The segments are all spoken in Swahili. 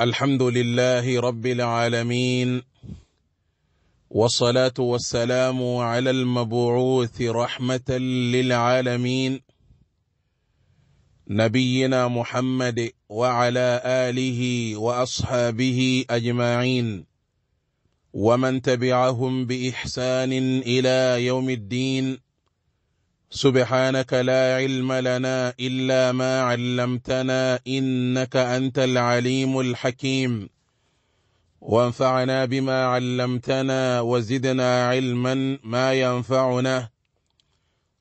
الحمد لله رب العالمين والصلاة والسلام على المبعوث رحمة للعالمين نبينا محمد وعلى آله وأصحابه أجمعين ومن تبعهم بإحسان إلى يوم الدين سبحانك لا علم لنا إلا ما علمتنا إنك أنت العليم الحكيم وانفعنا بما علمتنا وزدنا علما ما ينفعنا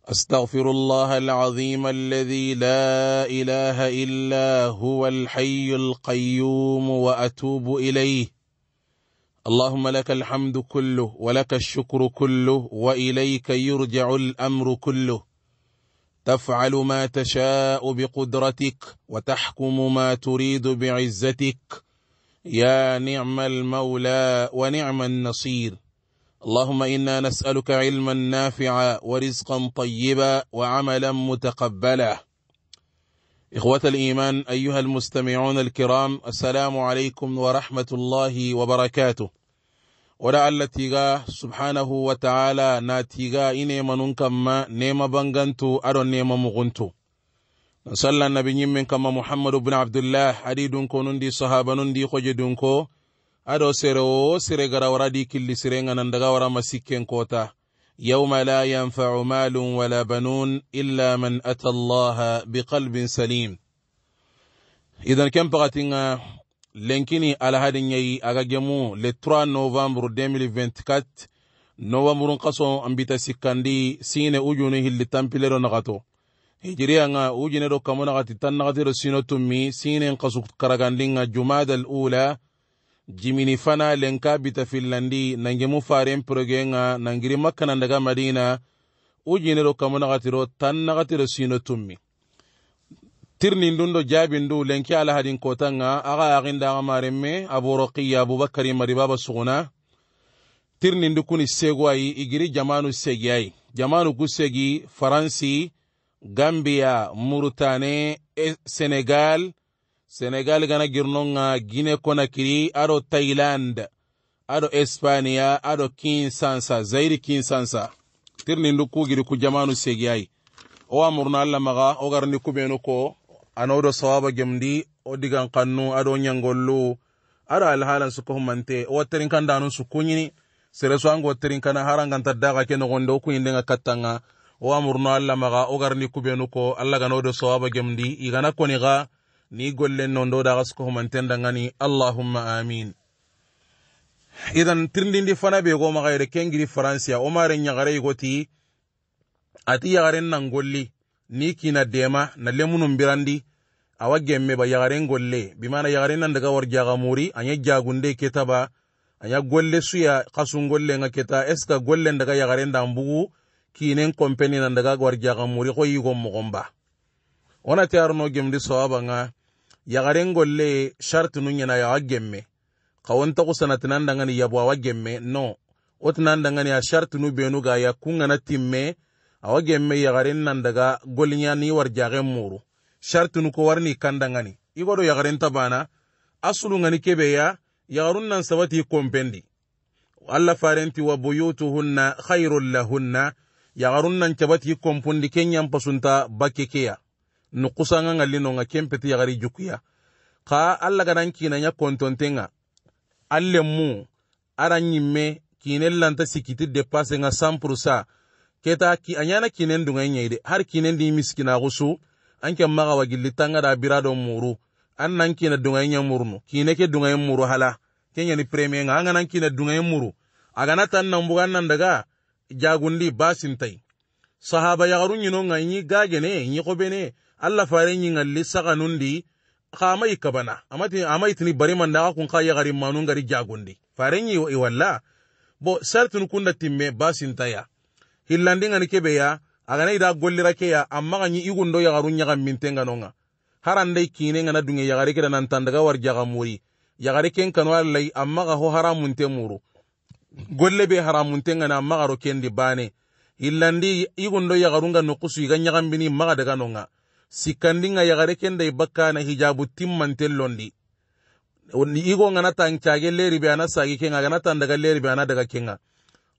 أستغفر الله العظيم الذي لا إله إلا هو الحي القيوم وأتوب إليه اللهم لك الحمد كله ولك الشكر كله وإليك يرجع الأمر كله تفعل ما تشاء بقدرتك وتحكم ما تريد بعزتك يا نعم المولى ونعم النصير اللهم إنا نسألك علما نافعا ورزقا طيبا وعملا متقبلا إخوة الإيمان أيها المستمعون الكرام السلام عليكم ورحمة الله وبركاته ولا تيغا سبحانه وتعالى ناتيغا إني منون كما نيما بانغنتو أرو نيما مغنتو نسال النبي من كما محمد بن عبد الله أدي دونكو نندي صحابة نندي خوجي دونكو أرو سيرو سيري غراورا دي كل سيرين أنا ورا مسيكين كوتا يوم لا ينفع مال ولا بنون إلا من أتى الله بقلب سليم إذا كم بغتنا لنكني على هذا الجي أجمعه لترى نوفمبر 2024 نوفمبر قصو أم بتسكندي سين أوجونه اللي تمبلر نغتو هجري أنا أوجنه كمان غتي تنغتي رسينو تومي سين قصو كرغان لينا جماد الأولى jimini fana lenka bita finlandi nangemu faren porogenga nangiri makkana daga madina u jinero kamo nagatiro tan nagatiro sino tummi tirnin dun lenki alahadin kotanga aga yagindaga maren me aborokiya abubakari maribaba suguna tirnin kuni segu ayi igiri jamanu segi ayi jamanu ku segi faransi gambia murutane e, senegal senegal gana girnonga guine conakiri ado thailand ado espania aɗo kinsansa zairi kinsansa tirni nduku giri ku jamanu segiyayi o amurna allah maga o garni kuɓeno ko anodo sawaba gemdi o digan kannu aɗo ñangollu aɗo alhalan ko mante o watterin kan danun kunyini sere su ango watterin kana haranganta daga ke gondo o kuyindenga kattanga o amurna allah maga o garni kuɓeno ko allah ganoɗo sawaba gemdi igana koni ga ni gollen no ndoɗaxa sukohomantenda ngani allahumma amin idan tirndindi fana be go maxayre kengiri faransiya wo mare ɲaxare yigoti ati yaxaren nan golli ni kina dema na lemunun birandi awa gemme ba yaxaren golle bimana yaxaren nan daga war jaxamuri a ɲa jagunde ketaba a golle suya xasun golle ŋa keta est ce daga yaxaren dan bugu kinen kompeni nan daga war jaxamuri xo yigo moxon ba wonati aruno gemdi sawaba ŋa yagaren golle shartinu ɲana yaga gemme kawon tagu sanatinan dangani yabu awa gemme no wo tinan dangani a shartinu benu ga ya kungana timme awa gemme yagaren nan daga golliɲa ni warjagen muru shartinu ko warini kan dangani i yagaren ta bana asulu ŋani kebeya yagarun nan sabati kompendi allah farenti wa buyutuhunna khairun lahunna yagarun nan cabati kompundi kenyan pasunta bakke nukusanga nga lino nga kempeti yagari jukuya ka alla garan kina nya kontontenga alle mu ara nyimme kine lanta sikiti depasse nga 100% keta ki anyana kine ndunga nyeide har kine ndi miskina gusu anke maga wagilli tanga da birado muru annan kina dunga nya murnu kine ke dunga muru hala kenya ni premier nga anganan kina dunga muru agana tan nan bugan nan jagundi basintai sahaba yagarun yino nga yi ne yi ne. Allah faren yi ngalli saganun di ka mai kabana amati amai tini bari man da kun ka yagarin manun gari jagundi faren yi iwala bo sartun kunda timme basin taya hillandi ngani kebe ya agana ida gollira ke ya amma ganyi igundo yagarun yagan mintenga nonga harande kine ngana dunge yagari kira nan tandaga war jagamuri yagari ken kanu Allah amma ga ho haramun te muru golle be haramun te na magaro kendi bane illandi igondo yagarunga nokusu iga ñagambini maga daga nonga sikkandinga yagare kenda ibakka na hijabu timmantellondi igo ngana tan cage leri be ana sagi kenga agana tan daga leri be ana daga kenga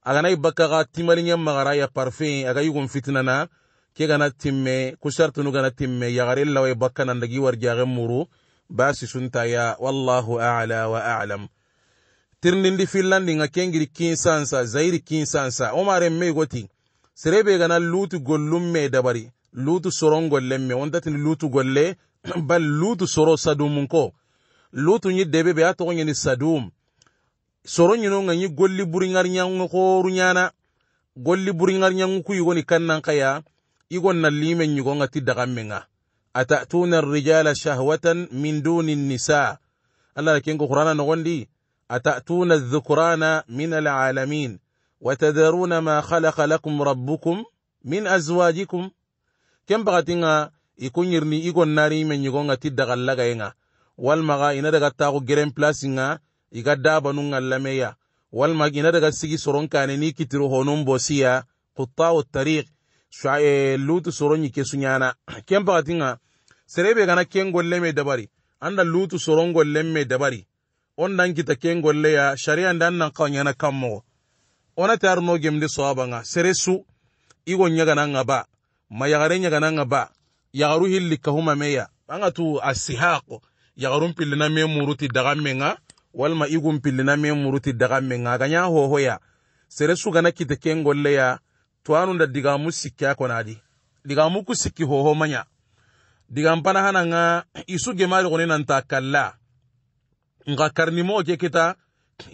agana ibakka ga timalingen magara ya parfum aga igon fitinana ke gana timme ku shartunu gana timme yagare lawa ibakka nan dagi warjage muru basi suntaya wallahu ala wa alam tirndindi finlandi nga kengiri kinsansa zairi kinsansa omaren meigoti siree kana luutu gollummee dabari lutu soron gollemme wantatini luutu gollee bal luutu soro saduumun ko luutu nyi debe be a togo nyini saduum soro nyino nyi golli buri ngar nyangu kooru nyana golli buri ngar nyangu ku yigoni kannan kaya igon na lime nyugo nga ti atatuna rijala shahwatan min duni nisa allah la kengo qur'ana nogondi atatuna dhukrana min alalamin وتذرون ما خلق لكم ربكم من أزواجكم كم بغتنا يكون يرني يكون ناري من يكون تدغ اللغينا والمغا إنا دغا تاغو جرين بلاسنا إغا دابنون اللميا والمغا إنا دغا سيكي سرون كاني نيكي ترو هونون بوسيا قطاع الطريق lutu لوت yike su nyana كم pakatin ga serebe كين غول لمي me عند لوت سرون غول لمي me dabari on dan kita ken golle ya sharia dan nan kaw nyana kammo wonate tar no gemde soaba nga seresu igo nyagana nga ba mayagare nyagana nga ba yagaru hilli kahuma meya anga tu asihaqo yagaru mpillina me muruti daga menga walma igu mpillina me muruti daga menga ganya hoho ya seresu gana kite kengolle ya twanu da digamu sikki akonadi digamu ku sikki hoho manya digampana hana nga isu gemari gone nanta kalla nga karnimo ke kita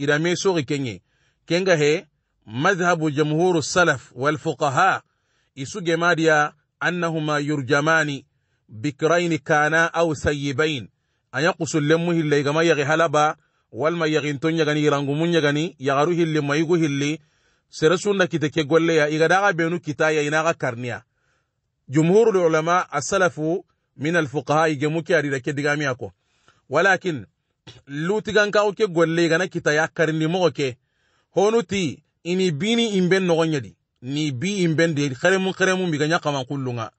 idame sogi kenye kenga he مذهب جمهور السلف والفقهاء يسوج ماريا أنهما يرجمان بكرين كانا أو سيبين أن يقص اللمه اللي غما يغي هلبا والما يغنتون يغني يرانغمون يغني يغروه اللي ما يغوه اللي سرسونا كتك يقول ليا إغداغا بينو كتايا يناغ كارنيا جمهور العلماء السلف من الفقهاء يجموك أريد كي أكو ولكن لو تغنكاو كي قول لي غنا كتايا كرني موكي هونو تي ini bini imben no nogonyadi ni bi imben de kharemu kharemu mi ganya kama kulunga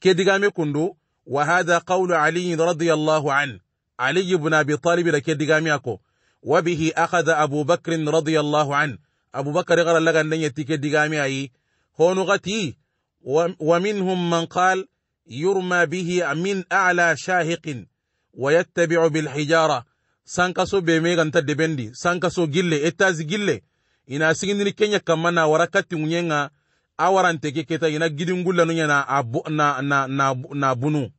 ke diga me kundu wa hadha qawlu ali radhiyallahu an ali ibn abi talib da ke diga mi ako wa bihi akhadha abu bakr radhiyallahu an abu bakr gara laga nan yati ke diga mi ayi honu gati wa minhum man qal يرمى به من أعلى شاهق ويتبع بالحجارة سانكسو بميغان تدبندي سانكسو جلي اتاز جلي ina siginini kenya kamma na wara katinŋuyenŋa a waranteke keta ina gidingullanu ɲa na, na, na, na, na bunu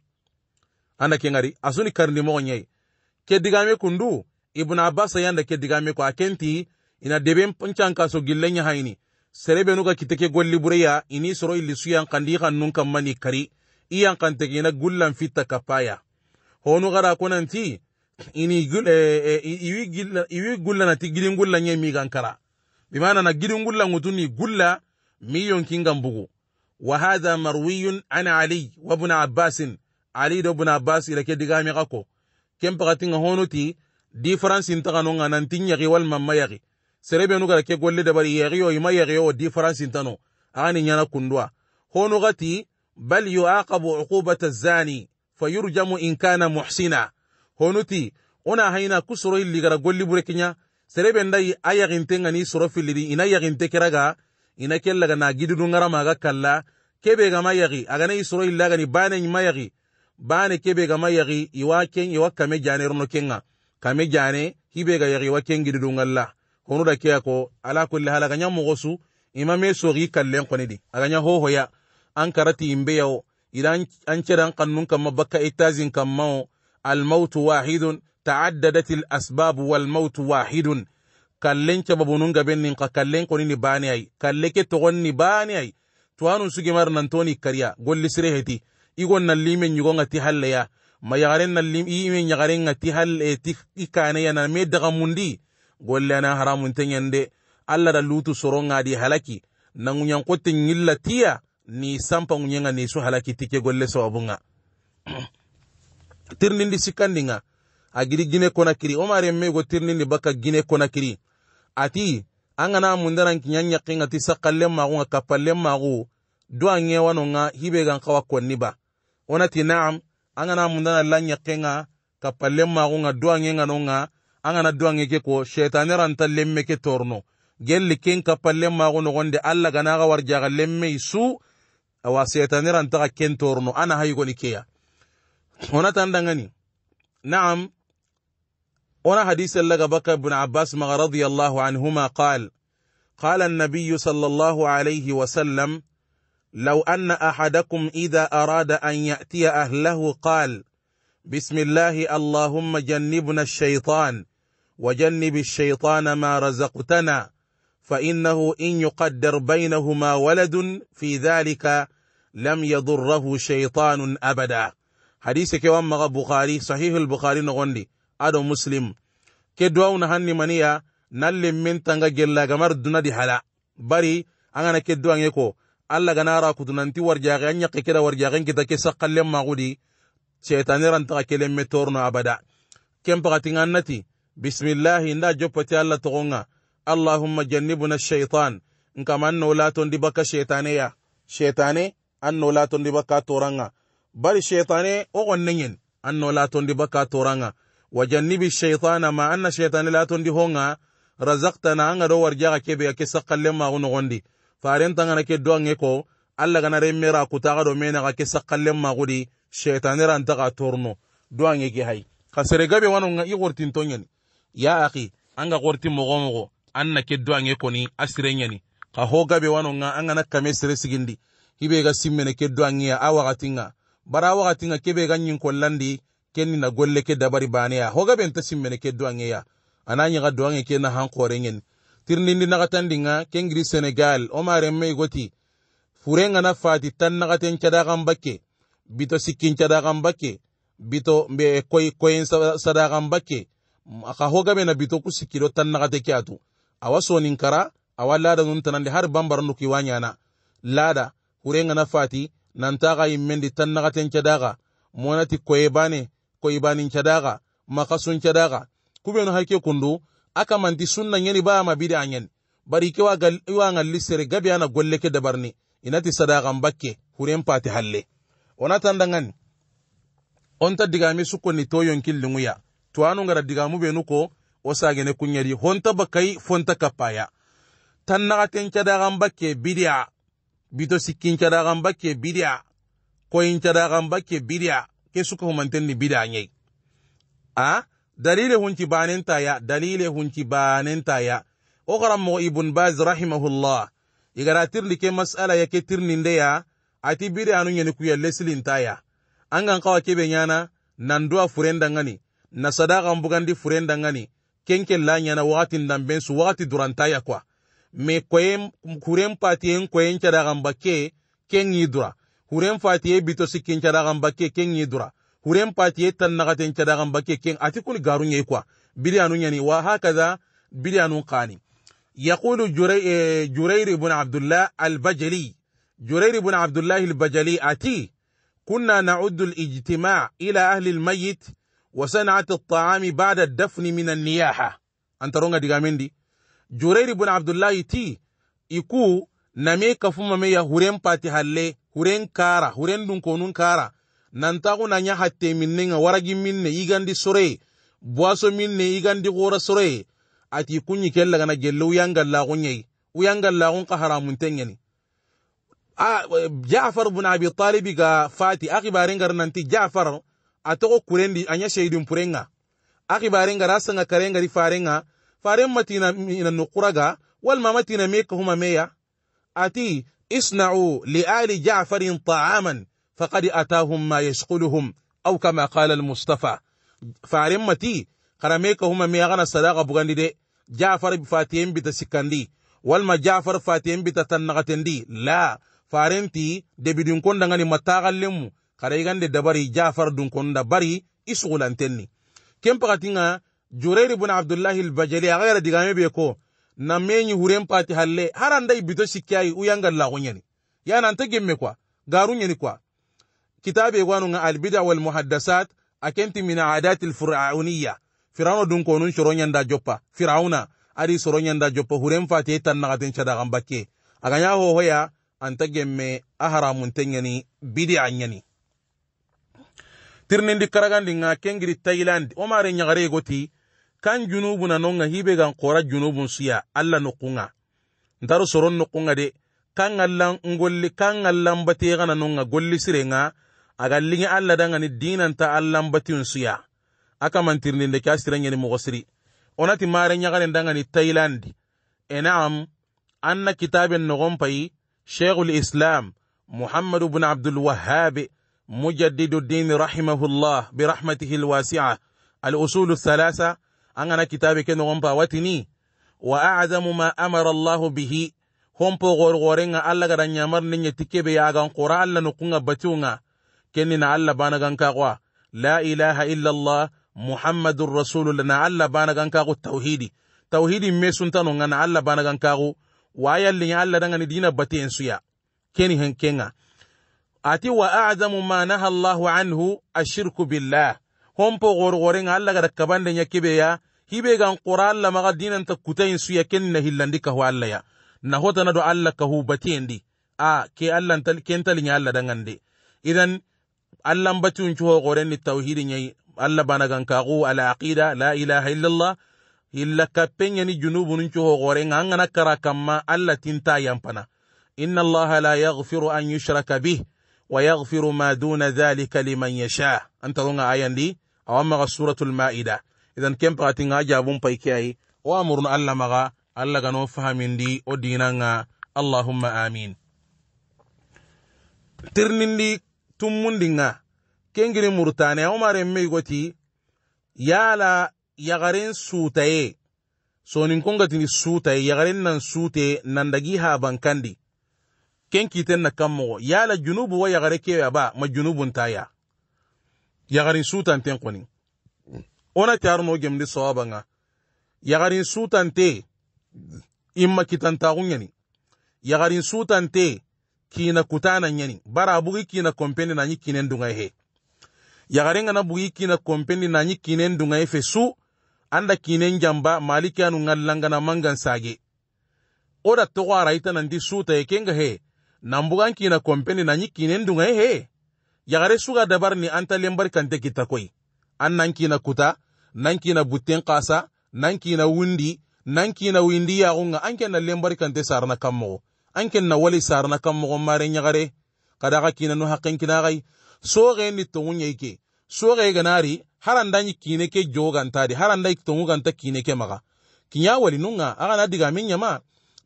anda ke ŋari asuni karindi mogo ɲei ke digame kundu ibnu abbas yanda ke digame ko akenti ina debe ncan kaso gille ɲahayini serebenu ka kiteke golli bureya ini soro illi suyan kandi kan nun nun mani kari iyan yan xanteke na gullan fitta kapaya honu xara konanti ini eh, eh, iwi gullanati gidingullan ɲe migan kara بمعنى نجد قلا متني قلا ميون كينغا مبغو وهذا مروي عن علي وابن عباس علي دو ابن عباس إلى كده قامي غاكو كم بغتين هونوتي دي فرانس انتغانو نانتين يغي والمما يغي سربي نوغا كي قول دبري يغي ويما يغي ودي فرانس انتانو أغاني نانا كندوا هونغتي بل يعاقب عقوبة الزاني فيرجم إن كان محسنا هونوتي ona haina kusoro illigara golli burekenya sereben yi a yaxinte ni soro filiri ina yaxinte kiraga ina kellaga na gididungaramaga kalla kebe gama yaxi agana i soro illagani bane ma yaxi bane kebe gama yaxi iwa ken iwa kame jane rono kenga kame jane hibe ga yaxi iwa ken ngalla honu da ke ko ala kulli hal aganya mogo su ima me soxi kallen konidi aganya hohoya an karati imbe yawo idan an cedan kannun kamma bakka itazin kammao almautu wahidun taaddadat al-asbab wal maut wahidun kallen ke babunun gaben ka kallen ko ni bani ai kalle ke to ni bani ai to anun su nan toni kariya golli sire heti igon nan limen yugo ngati halle ya mayaren nan lim imen yagaren ngati halle ti yana me daga mundi na haramun tanyande Allah da lutu soronga di halaki nan nyan kotin yillatiya ni sampa nyanga ni su halaki tike golle so abunga tirnin di agiri gine konakiri o mari me gotirnindi baka gine konakiri ati an gana mundaran kiɲan ɲakin ati sakkallen magu ga kappallen magu do an ŋewano nga hibe gan kawa konni ba ti naam an gana mundana la ɲakin ga kappallen magu ga do an ŋe gano ga an gana do an ke ko shetane ranta me ke torno gelli ken kappallen no gonde alla gana ga ga lemme su awa shetane ran ta ken torno ana hayigoni keya tan dangani naam هنا حديث لك بكر بن عباس رضي الله عنهما قال قال النبي صلى الله عليه وسلم لو أن أحدكم إذا أراد أن يأتي أهله قال بسم الله اللهم جنبنا الشيطان وجنب الشيطان ما رزقتنا فإنه إن يقدر بينهما ولد في ذلك لم يضره شيطان أبدا حديث كوام بخاري صحيح البخاري نغندي ado muslim ke duwawu na hanni maniya nalle min tanga gella gamar duna di hala bari angana ke duwan yeko alla gana ra kutunanti warjaxe an ɲaxe keda warjaxen kita ke sakkallen maxudi setanerantaka kelen me torno abada ken paxatinga an nati bisimillahi nda alla toxonga allahumma jannibuna shaitan nkama an no latondi bakka shetaneya shetane an no latondi bakka toranga bari shetane wo xonneɲen an no latondi bakka toranga wajannibi shaitana ma anna shaitani latondi honga razaktana anga do warjaga kebe ake sakkalle magu nogondi farentangana ke do ange ko alla gana remmera kutaga do ga ke sakkalle magudi shaitanirantaka torno do ange ke hay gabe seregabe nga i gortin ñani ya akhi anga gorti mogo mogo an ke do ange koni asire ñani ka ho gabe wanonga nga anga na sere sigindi hibe ga simmene ke do angeya a wakatinga bara a wakatinga kebe ga nyin ñinkollandi kenni na golle ke dabari baneya hoga ɓen ta simmene ke duwangeya ana ñaga duwange ke na han korengen tirnindi nagatandinga kengiri senegal o ma goti furenga na fati tan nagaten cadakan bakke bito sikkin cadakan bakke bito mbe koy koyen sadakan bakke aka hoga ɓe bito ku sikkiɗo tan nagate ke atu awa sonin kara nun tanande har bambarandu kiwa ñana lada furenga na fati nantaka yimmendi tan nagaten cadaga monati koye bane ko ibanin kedaga makasun kedaga kubenu hake kundo aka manti sunnan yeni ba ma bidi anyen bari ke wa gal wa ngal lisere gabi ana golle ke dabarni inati sadagan bakke hurem pati halle ona tandangan onta digami suko ni toyon killinguya to anu ngara digamu benu ko o sagene kunyari honta bakai fonta kapaya tanna nagaten kedagan bakke bidia bito sikkin kedagan bakke bidia koyin kedagan bakke bidia ke suka humantenni bidanyai a dalile hunci banentaya dalile hunci banentaya o karanmogo ibun baz rahimahullah igara tirli ke masala ya ke tirnindeya ati bide anu ɲeni kuya lesilintaya an gan kawa kebe ɲana nanduwa furendangani na sadakan bugandi furendangani kenke la ɲana wagatin danben su wagati durantaya kwa me koyen kuren patiyen koyen cadaganba ke ken dura huren fatiye bito sikkin cadakan bakke ken yi dura huren fatiye tannakaten cadakan bakke ken ati kuni garun yai kuwa bidiyanu yani wa hakaza bidiyanu qani يقول جري... جرير بن عبد الله البجلي جرير بن عبد الله البجلي أتي كنا نعد الاجتماع إلى أهل الميت وصنعة الطعام بعد الدفن من النياحة أنت رونغا ديغامين دي جرير بن عبد الله تي يكو نمي كفوما ميا هورين باتي هالي huren kara huren dun konun kara nantaxu naña hatte minnenga waragi minne igandi sore boaso minne igandi xora sore ati kuñi ke lagana gelle uyangallaxunñeyi uyangallaxun xa haramuntengeni jafar bun abi Talib ga fati a xibarengar nanti jafar a toxo kurendi aña seydin purenga a xibarengar a sanga karengari farenga faren matina ina nuquraga walma matina me kahuma meya ati اصنعوا لآل جعفر طعاما فقد أتاهم ما يشغلهم أو كما قال المصطفى فارمتي قرميك هما ميغانا صداقة بغاندي دي جعفر بتسكن دي والما جعفر فاتيم دي لا فارنتي دي بدون كون دنغاني متاغا لمو قريغان دي دباري جعفر دون كون دبري اسغلانتني كم بغتنا جرير بن عبد الله البجلي غير دغامي بيكو na menyi huren pati halle haranda ibito sikyayi uyanga lago nyani yana anta gemme kwa garu nyani kwa kitabe gwanu nga albida wal muhaddasat akenti min aadati alfirauniya firawna dun konun shoro joppa firawna adi soro joppa huren pati tan nagatin chada gambakke aganya ho hoya anta gemme aharamun tenyani bid'a nyani tirnindi karagandi nga kengiri thailand o nyagare goti kan junubu na nonga hibe gan kora junubu siya alla nukunga ndaro soron nukunga de kan alla ngolli kan alla mbati gana nonga ga sire nga, aga lingi alla danga ni dinan ta allan batun siya aka mantirni sire kasiranya ni mugosiri onati maare mare nyagare danga ni thailand naam, anna kitabe nogon payi sheikhul islam محمد بن Abdul الوهاب مجدد الدين رحمه الله برحمته الواسعة الأصول الثلاثة angana kitabe ke nogon watini wa a'zamu ma amara allah bihi hompo gorgorenga alla gada nyamar ninye tikebe yagan qura alla nukunga batunga kenina alla bana ganka kwa la ilaha illa allah muhammadur rasulullah na alla bana ganka tauhidi tauhidi me suntano ngana alla bana ganka ko linya alla danga ni dina baten suya keni hen kenga ati wa a'zamu ma naha allah anhu ashirku billah hompo gorgorenga alla gada kabande nyakebe ya hibe gan qura alla maga dinan ta kutayin su ya kenna hillandi ka alla ya na hota na do alla ka hu batendi a ke alla tal ken tal nya alla dangande idan alla batun chuho goren ni tauhidin yayi alla bana gan ka gu ala aqida la ilaha illallah illa ka penya ni junubu nun chuho goren ngana kara kamma alla tinta yampana inna allaha la yaghfiru an yushraka bih wa yaghfiru ma duna dhalika liman yasha anta runga ayandi awamma suratul maida idan ken pakati nga jabun pai kiai o amurun allah maga allah gano di o dina nga allahumma amin tirnindi tummundi nga kengiri murtane o mare mei goti yala yagarin sutaye sonin kongatini sutaye yagarin nan sute dagi ha bankandi ken kiten na kan yala junubu wa yagare kewe ba ma junubun taya yagarin sutan ten konin wona tiaruno gemdi sawabanga yagarin sutante imma kitantaxunyani yagarin sutante kina kutananyani bara bugi kina kompendi nanyi kinen dungai he yagarenga na bugi kina kompendi nanyi kinen dungai fe su anda kinen jamba maliki anu ngallanga na mangan sage oda togo araita nandi suta ekenga he nambugan kina kompendi nanyi kinen dungai he yagare suga dabar ni anta lembar kante kita koi an na kuta nankina buten kasa kina wundi kina windi yaxunga an ken na lenbari kante sarana kanmoxo an ken na wali sarana kanmoxo mare ɲaxare kada xa kinanu haxenkina xay soxe ni tongu ɲei ke soxe ganari yi kine ke jogantadi haranda tongu ganta kine ke maxa kinya wali nunga na diga minya ɲama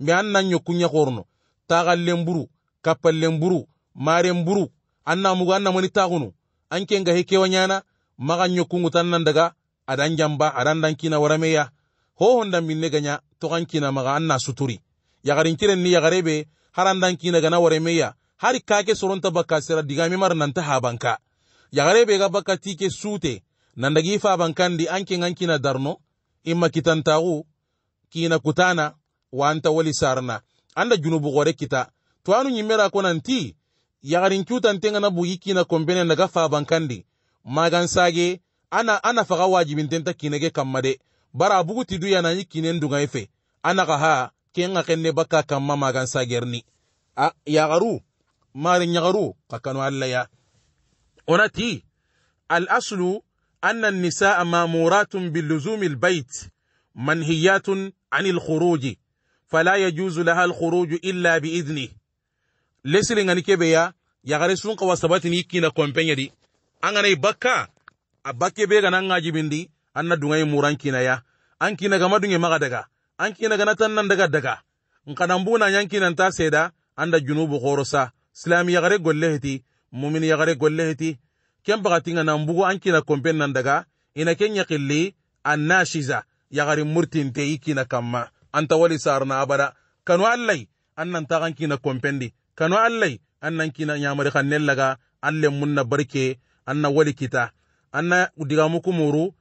me an na ɲokunɲa xorono taxa lenburu kappa lenburu maren buru an namugu an ta gunu, an ken gahe kewa ɲana magan tan nan daga adan jamba adan dan kina warameya hohon dan minne ganya tokan kina maga na suturi yagarin kiren ni yagarebe haran dan kina gana warameya hari kake soronta bakka sira digami mar nanta habanka yagarebe ga bakka tike sute nan dagi fa bankandi an kina darno imma kitantagu kina kutana wanta wali sarna anda junubu gore kita to anu nyimera ko nanti yagarin kyutan tenga na bugi kina kombene daga fa bankandi magan sage ana ana faga tenta kinege kamade de bara buguti du yanani kinen dunga ife ana ga ha kenga kenne baka kamma magan sagerni a ya garu mari nyagaru kakanu alla ya onati al aslu anna an mamuratun أن النساء al بلزوم البيت منهيات عن الخروج فلا يجوز لها الخروج إلا بإذنه لسلنغني كبيا يغرسون قوى سباتني كينا كومبينيري angana bakka a bakke be an ngaji bindi anna dungai muran kina ya an kina gama dunge maga daga an kina gana tan nan daga daga nkanan buna yanki nan ta seda anda junubu khorosa silami ya gare golle heti mumini ya gare golle heti kem baga tinga nan bugu an kina kompen nan daga ina kili yaqilli annashiza ya gare murtin te ikina kamma anta wali sarna abada kanu allai annan ta kan kina kompendi kanu allai annan kina nyamari khannen laga allen munna barke أن ولي كتا أن دغاموكو مورو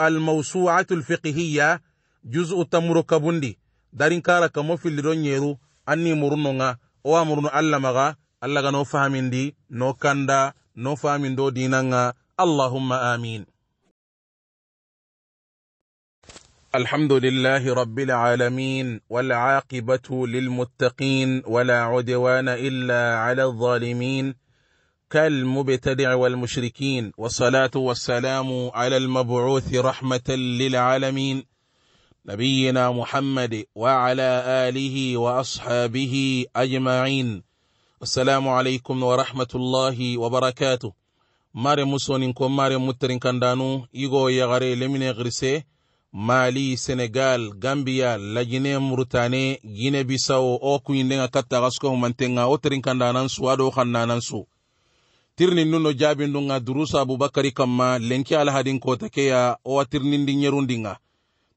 الموسوعة الفقهية جزء تمرو كبندي دارين كارا كمو في اللي يرو أني مرنونا أو أمرنو ألا مغا ألا غنو فهمين دي نو كندا نو فهمين دو ديننا اللهم آمين الحمد لله رب العالمين والعاقبة للمتقين ولا عدوان إلا على الظالمين كالمبتدع والمشركين والصلاة والسلام على المبعوث رحمة للعالمين نبينا محمد وعلى آله وأصحابه أجمعين السلام عليكم ورحمة الله وبركاته mare musonin ko mare mutterin kandanu igo yagare lemine grise mali senegal gambia lagine murutane guine bisawo o kuyindenga kattaga suka humantenga o terin kandanan su ado kannanan su tirnin nuno no jaabin ɗum ga durusa aboubacary kamma lenki alahadin kota keya owa tirnindi yerundinga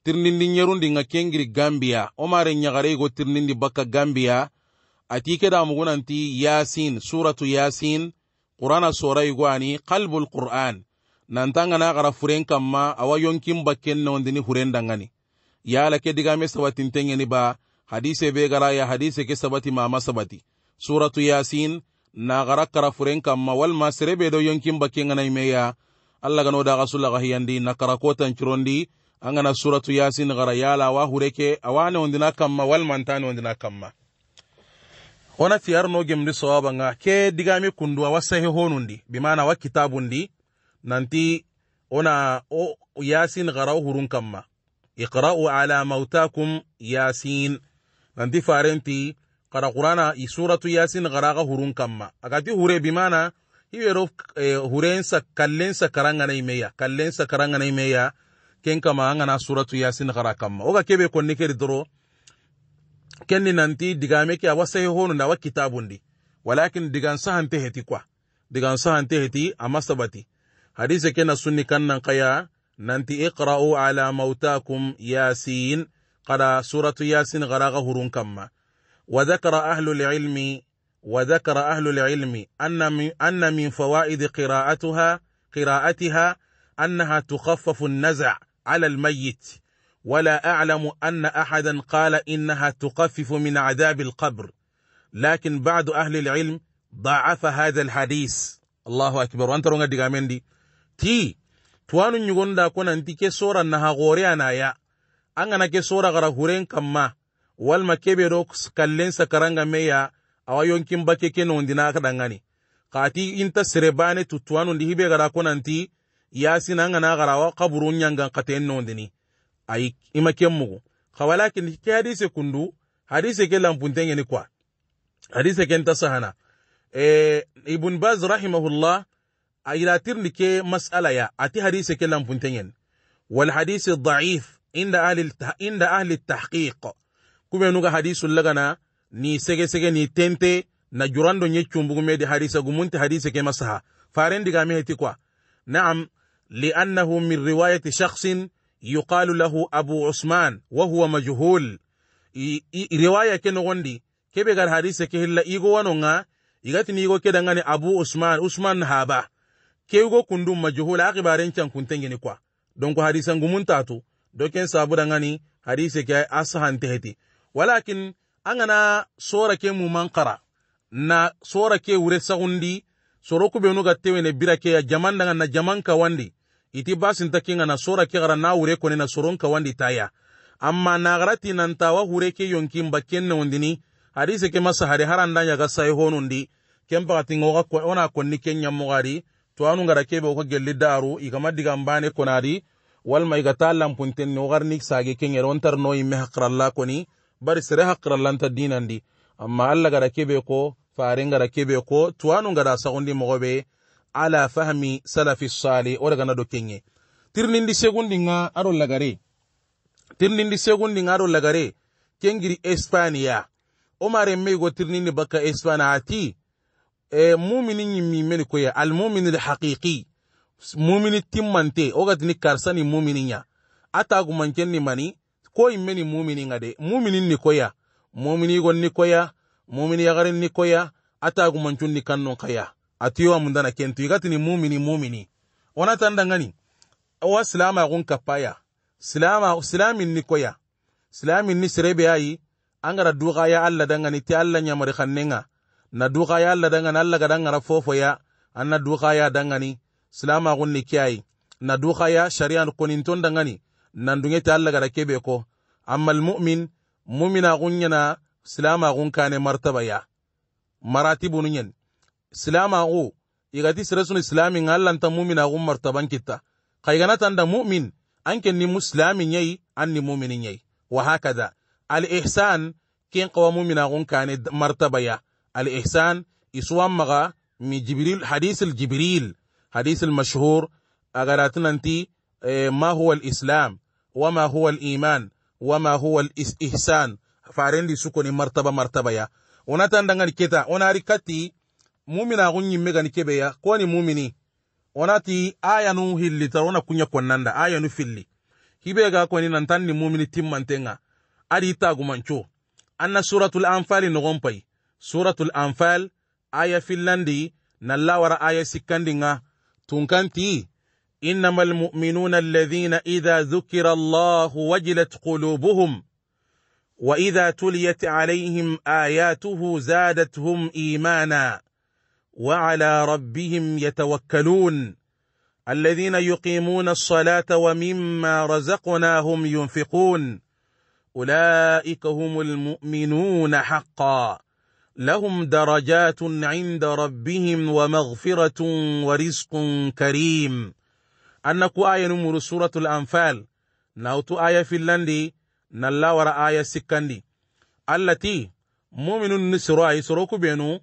tirnindi yerundinga kengiri gambia o mare yagareygo tirnindi bakka gambia ati keda mugunanti yasin suratu yasin qur'ana sorayigo ani qalbul qur'an nantanga na gara furen kamma awa yonkin bakken nondini huren dangani yala ke digame sabatintengeni ba hadise be gara ya hadise ke sabati mama sabati suratu yasin na gara kara furen kamma walma serebe do yankin bakin ngana meya. allah gano daga sulla gahiyandi na kara kotan di. an gana suratu yasin gara yala awa hureke awane ondina kamma walma ntane ondina kamma wonati arno sawaba nga ke digami kundu awa sehe honundi bimana wa kitabundi nanti ona o yasin gara hurun kamma iqra'u ala mautakum yasin nanti farenti kara qara qur'ana suratu yasin qaraqa hurun kamma akati hure bimana hiwero eh, hurensa kallensa na imeya kallensa na imeya ken kama angana suratu yasin kara kamma oga kebe konni keri doro kenni nanti digame ke awase sai hono da wa kitabundi walakin digan sahante heti kwa digan sahante heti amasabati hadise kena sunni kannan kaya nanti iqra'u ala mautakum yasin qara suratu yasin qaraqa hurun kamma وذكر أهل العلم وذكر أهل العلم أن أن من فوائد قراءتها قراءتها أنها تخفف النزع على الميت ولا أعلم أن أحدا قال إنها تخفف من عذاب القبر لكن بعض أهل العلم ضعف هذا الحديث الله أكبر وأنت رونغا دي تي توانو نيغوندا أنتي كي سورة نها غوريانا يا أنا كي سورة غرا غورين كما walma kebe do kallen sakaranga meya awa yonkin bake ke nondina kadangani kati inta serebane tutuanu ndi hibe gara konanti yasina ngana garawa kaburu nyanga katen nondini ay imake mugo kawalakin ke hadise kundu hadise ke lampuntenge ni kwa hadise ke ntasahana e, ibn baz rahimahullah ayratir ke mas'ala ya ati hadise ke lampuntenge wal hadise dha'if inda ahli inda ahli tahqiq kubenu ga hadisul lagana ni sege sege ni tente na jurando nye chumbugume di hadisa gumunti hadisa ke masaha faren diga heti kwa na'am li li'annahu min riwayati shaksin yukalu lahu abu usman wa huwa majuhul. riwaya ke no gondi kebe gara hadisa ke hila igo wano nga igati ni igo ke dangane abu usman usman haba ke igo kundum majhul aqibaren can ni kwa Donko hadisa gumunta to doken sabu dangani hadisa ke asahante heti walakin an gana sorake mu mankara na sorake wure sagundi soroku benu ga tewene birake ya jaman daga na jaman ka wandi iti basin takin na sorake gara na wure kone na soron ka wandi taya amma na garati nan tawa hure ke yonkin bakken na wandini hadise ke masa hari haran dan ya ga sai e honundi ken pakati ngoga ko ona konni ken nyammo gari to anu ngara kebe ko gelli daru igama diga mbane konari walma iga talam punten no garni sage ken eron tar no imme hakralla koni bari sere hakkirallanta dinandi amma allah gada kebe ko faren gada kebe ko tuwanu gada sagundi mogobe ala fahmi salafi sali o daga do kenye tirnindi segundi nga aro lagare tirnindi segundi nga aro lagare kengiri espania o mare tirnindi baka espana ati e mumini nyimmi meni ko al mumin al mumini timmante o karsani mumini nya ata gumankenni mani ko immeni muminin ade muminin ni koya mumini gon ni koya mumini yagarin ni koya ata gumancun ni kannon kaya atiyo amundana kentu igatini mumini mumini ona tandangani wa silama gun kapaya silama silamin ni koya silamin ni sirebe ayi an gara ya Allah dangani ti Allah nya mari na duka ya Allah dangani Allah ga fofo ya an na ya dangani silama gun ni kiyai na duka ya shari'an kunin ton dangani nandugeti allah gara keɓe ko amma almumin muminaxun ɲana silamaxun kane martabaya maratibunu ɲen silamaxu igati siresun islamin allanta muminaxun martaban kitta xa iganatanda mumin an ken ni musilami ɲei an ni mumini ɲei wahakada alihsan ken qawa muminaxun kane martabaya alihsan isuwan maxa mi jibril hadisil jibril hadisil mashhur agaratinanti ma huwa alislam wama huwa al wama huwa al-ihsan farendi sukoni martaba martaba ya onata ndangani keta onari kati mumina gunyi megani kebe ya kwani mumini onati aya nu hilli tarona kunya konnanda aya nu filli hibe ga kwani nantanni mumini timmantenga adi ita gumancho anna suratul anfal nogon pai suratul anfal aya fillandi nalla wara aya sikkandinga tunkanti انما المؤمنون الذين اذا ذكر الله وجلت قلوبهم واذا تليت عليهم اياته زادتهم ايمانا وعلى ربهم يتوكلون الذين يقيمون الصلاه ومما رزقناهم ينفقون اولئك هم المؤمنون حقا لهم درجات عند ربهم ومغفره ورزق كريم anna ku ayenu muru suratul anfal nautu aya fillandi nalla wara aya sikkandi allati muminun ni siro ayi soro ku benu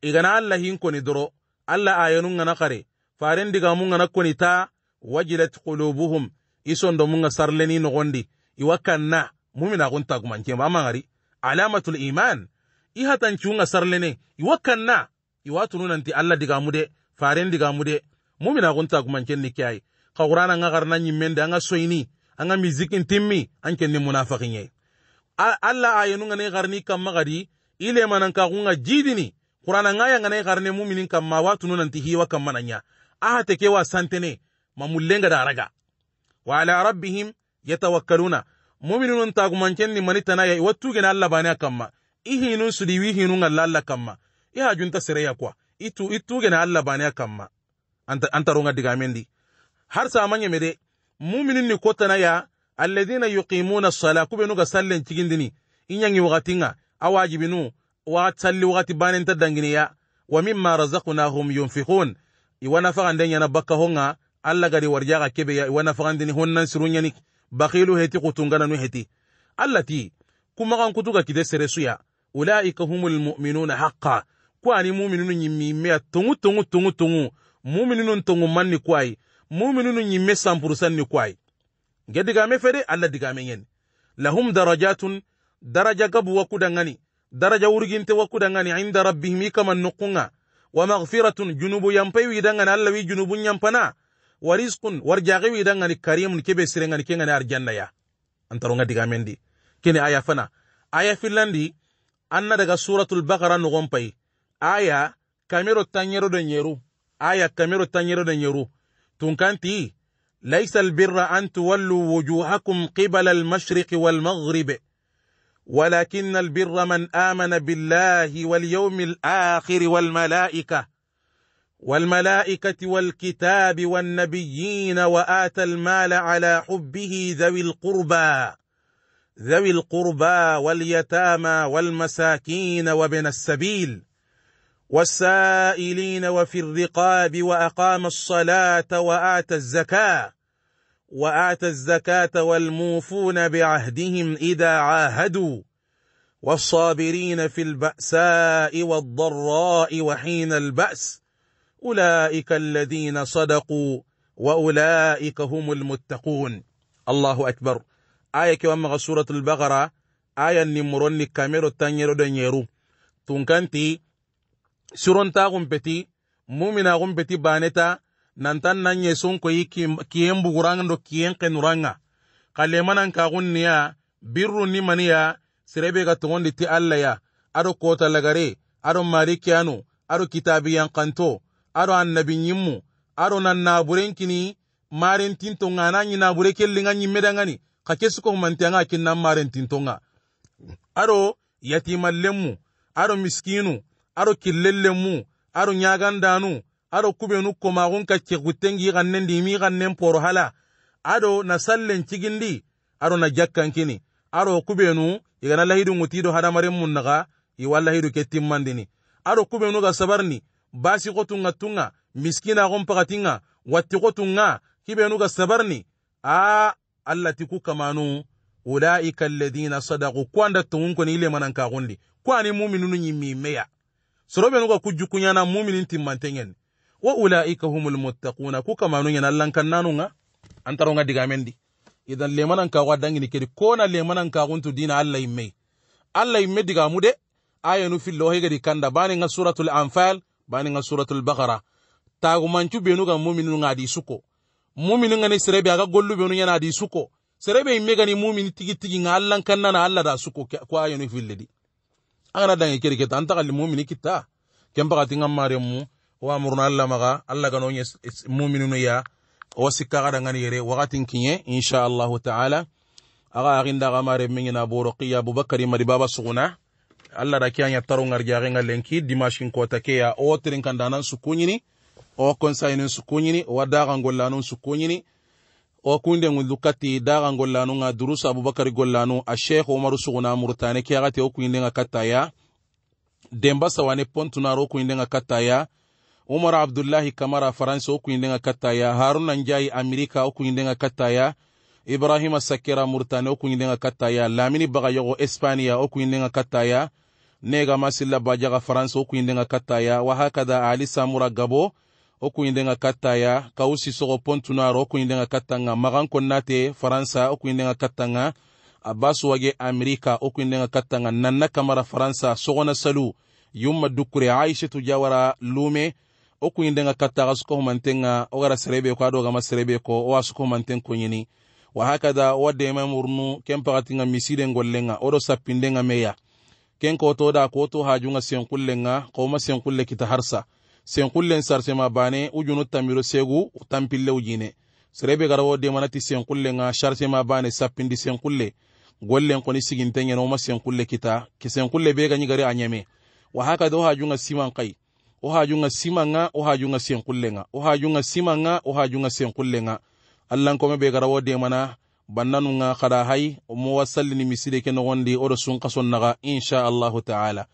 igana alla koni doro alla ayanu ngana kare faren diga mun ngana koni ta wajilat qulubuhum isondo mun sarleni no gondi iwakanna mumina kun tagumanke ba mangari alamatul iman ihatan ciunga sarleni iwakanna iwatununanti alla diga mude faren diga mude mumina kun tagumanke ni kai ka qur'ana nga garna nyimende anga soini anga music intimmi anke ni munafiqinye alla ayenu ngane garni kam magadi ile e manan ka kunga jidini qur'ana nga yanga ne garne mu'minin kam ma watu nunan tihiwa kam mananya aha teke wa santene mamullenga daraga wa ala rabbihim yatawakkaluna mu'minun tagumanken ni manitana ya iwattu gena alla bane kamma ihinun sudi wihinun alla alla kamma iha junta sereya kwa itu itu gena alla bane kamma anta anta ronga digamendi har saman yemede muminin ni kota na ya alladhina yuqimuna sala kubenuga sallen cigindini inyangi wakatinga awajibinu wakat salli wakati banenta danginiya wa mimma razaqnahum yunfiqun iwana faganden yana bakka honga alla gadi warjaga ya iwana fagandini honnan sirunyani bakhilu heti kutungana nu heti allati kuma kan kutuga kide seresuya ulaika humul mu'minuna haqqan kwani mu'minun mu'minunu nyimmimeya tungu tungu tungu tungu mu'minun tungu manni kwai muminunu ñimme sanpursanni kuwayi nge digame fede alla digame ñen lahum darajatun daraja gabu wakkudangani daraja wurginte wakkudangani inda rabbihim i kaman wa magfiratun junubu yampai widangani alla wi junubu yampana wa risqun warjaaki widangani karimun kebe sirengani kengani arjannaya antaronga digamendi kene aya fana aya fillandi anna daga suratul bakara nogon aya kamero tanyero do nyeru aya kamero tanyero do nyeru تنكنتي ليس البر أن تولوا وجوهكم قبل المشرق والمغرب ولكن البر من آمن بالله واليوم الآخر والملائكة والملائكة والكتاب والنبيين وآتى المال على حبه ذوي القربى ذوي القربى واليتامى والمساكين وابن السبيل والسائلين وفي الرقاب وأقام الصلاة وآتى الزكاة وآتى الزكاة والموفون بعهدهم إذا عاهدوا والصابرين في البأساء والضراء وحين البأس أولئك الذين صدقوا وأولئك هم المتقون الله أكبر آية كما سورة البقرة آية نمرون كاميرو تانيرو دنيرو تنكنتي sirontaxun peti mumina peti baneta nantan nan ye sonkoyi kiyen bugurangando kiyen kenuranga xalemanan kaxun niya birru ni maniya sirebe ga togondi ti alla ya ado kota lagare ado marikiyanu ado kitabiyankanto ado annabiɲinmu ado nan naburenkini marentintonga anaɲi nabure kellinga ɲimmedangani xa kesikohumanteanga kinnan marentintonga ado yatimallenmu ado miskinu aro killelle mu aro nyagandanu ado kube komagun kacce guttengi xannen dimi xannen poro hala ado na sallen cigindi ado na aro kube nu igana lahidu ŋutido hadamaren mun naga iwa lahidu ke timmandini kube nu ga sabarni basi ko tunga miskina xon paxatinga watti kibe nu ga sabarni a allah ti ku kamanu ulaika alladina sadaku kuanda tungun koni ilemanan kaxundi kuani muminunu meya. soroɓenuga kujjukuñana muminin timmanteŋen wa ulaika humul kuka ku na lanka nanunga antarunga di idan lemana a dangini kedi kona lemanankakuntu dina allah imme allah diga digamu de nufi fillo hegedi kanda bani nga suratul anfal nga suratul bakara manchu benuga nunga adi suko muminugani serebe aga gollu benuñana adi suko serebe imega ni mumini tigi tigi nkanna na alla da suko ko nufi lidi. agana dange kedi keta anta kalli mumini kitta ken pakati nga mare mu wa muruna alla maga alla gano nye mumininu ya wa sikka gada ngani yere wakatin kinye insha allahu ta'ala aga aginda ga mare mingi na boro qiya abubakari mari baba suguna alla da kiya nya ngar jage nga lenki dimashin kota ke o tirin kandanan sukunyini o konsainin sukunyini o wadaga ngollanun sukunyini wo kunde ŋundu kati daxan gollanu ŋa durus a sheikh umaru suguna murtane ke axate wo kataya demba sawane pontunar wo kataya umar abdullahi kamara faransi wo kataya haruna njayi amerika wo kataya ibrahima sakera murtane wo kataya lamini bagayogo espaniya wo kataya nega masilla bajaga faransi wo kataya wahakada ali samura gabo wo kun yindenga kattaya ka wo sisogo pontuna ro wo te faransa wo kun yindenga kattanga a basuwage amerika wo kun yindenga kamara faransa sogona salu yumma dukkure aishatu jawara lume wo kun sukohumantenga wo gara serebe ko ado sukohumanten ko wahakada wo murunu ken misiden gollenga wo sappindenga meya ken ko to hajunga senkullenga kowma senkulle kita harsa senkullen sarsema bane ujunu tamiro segu tampille ujine serebe garawo demanati senkullen ga sarsema bane sappindi senkulle gollen koni siginte ñenoma senkulle kita ke senkulle be gañi gari a ñeme wa hajunga siman kay o hajunga siman ga o hajunga senkulle ga o hajunga siman ga o hajunga senkulle ga allankome be garawo demana bannanu ga kada hay mo wasallini miside ke nogondi oɗo sunkason naga inchallahu taala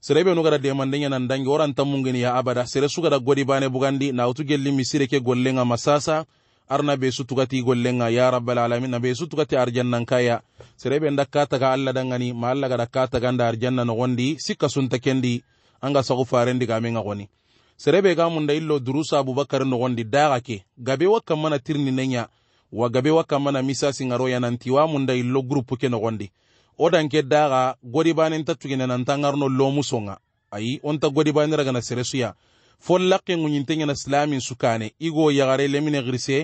serebe nugada demandeñanan dangi woranta mungeniya abada sere sugada godi bane bugandi nawutu gelli misire ke gollenga masasa arna be sutugati gollenga ya rabbal alamin na be sutugati arjannan kaya serebe ndakka taga allah dangani ma allah gada ka taganda arjanna nogondi sikka sunta kendi anga sagu farendi gamenga goni serebe ga munda illo durusa abubakar nogondi daga ke gabe wakka mana tirni nenya wa gabe wakka mana misasi ngaro yananti wa munda illo grupu ke nogondi wo dan ke daga godibane nta tuginana nta ngarno lomusonga ayi onta godibane ragana seresuya fo laqe ŋuɲinte ɲana silamin sukane igo yagare lemine girise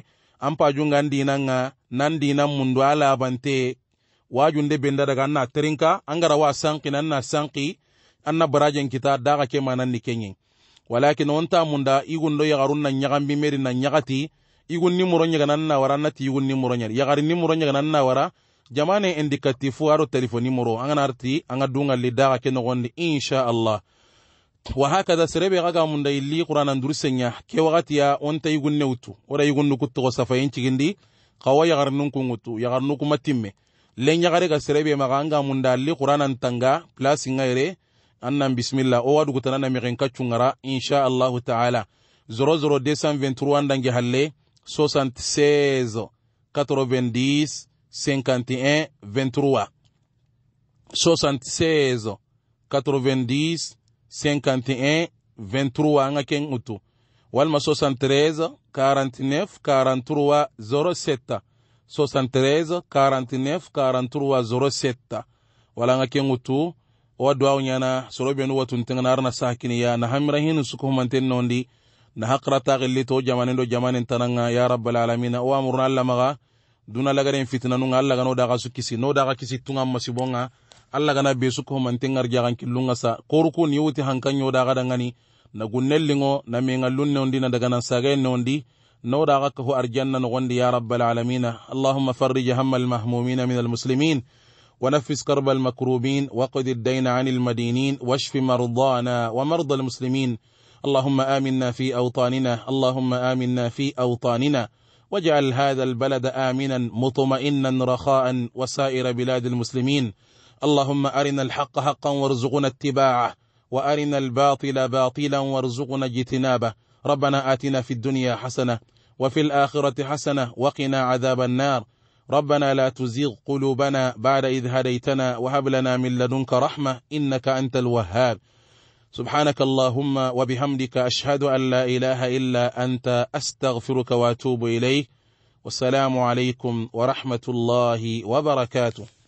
an pajunga dinan ga nan dinan mundu a labante wajunde benda daga an na terinka an gara wa sankina an na sanki an na barajen kita daga ke manan ni kenye walakin onta munda igun do yagarun na ɲagambi meri na ɲagati igun nimuro ɲaganan na wara an nati igun nimuro ɲani yagari nimuro ɲaganan na wara jamane indikatifu aro telefoni moro an gana arti an ga dungalli daga ke nogondi insha allah wa hakada serebe ga ga munda illi qur'anan dursenya ke wakati ya onta igunne utu ora igunnu go safa yin gindi qawa ya garnun ku ngutu ya garnu ku timme len ya gare ga serebe ma ga munda illi qur'anan tanga place ngaire annan bismillah o wadu kutana na mirin kachu ngara insha allah ta'ala 00223 ndangi halle 76 90 51 23 wala an ka kɛ utu wa ɲana soro benu watun tengana arna sakiniya na hamira nondi na hakrata gilli jamanin do jamanin tananga ya rabbal alamina wa amurna allamaga duna lagaren nu nunga alla gano daga su kisi no daga kisi tunga masibonga alla gana su ko man tengar jagan kilunga sa koruko ni wuti hankanyo daga dangani na gunnellingo na menga lunne ondi na daga nan sagayen ne ondi no daga ko ho arjanna no gondi ya rabbal alamin allahumma farrij hamma al mahmumin min al muslimin ونفس كرب المكروبين وقد الدين عن المدينين واشف مرضانا ومرضى المسلمين اللهم آمنا في أوطاننا اللهم آمنا في أوطاننا واجعل هذا البلد آمنا مطمئنا رخاء وسائر بلاد المسلمين اللهم أرنا الحق حقا وارزقنا اتباعه وأرنا الباطل باطلا وارزقنا اجتنابه ربنا آتنا في الدنيا حسنة وفي الآخرة حسنة وقنا عذاب النار ربنا لا تزيغ قلوبنا بعد إذ هديتنا وهب لنا من لدنك رحمة إنك أنت الوهاب سبحانك اللهم وبحمدك أشهد أن لا إله إلا أنت أستغفرك وأتوب إليه والسلام عليكم ورحمة الله وبركاته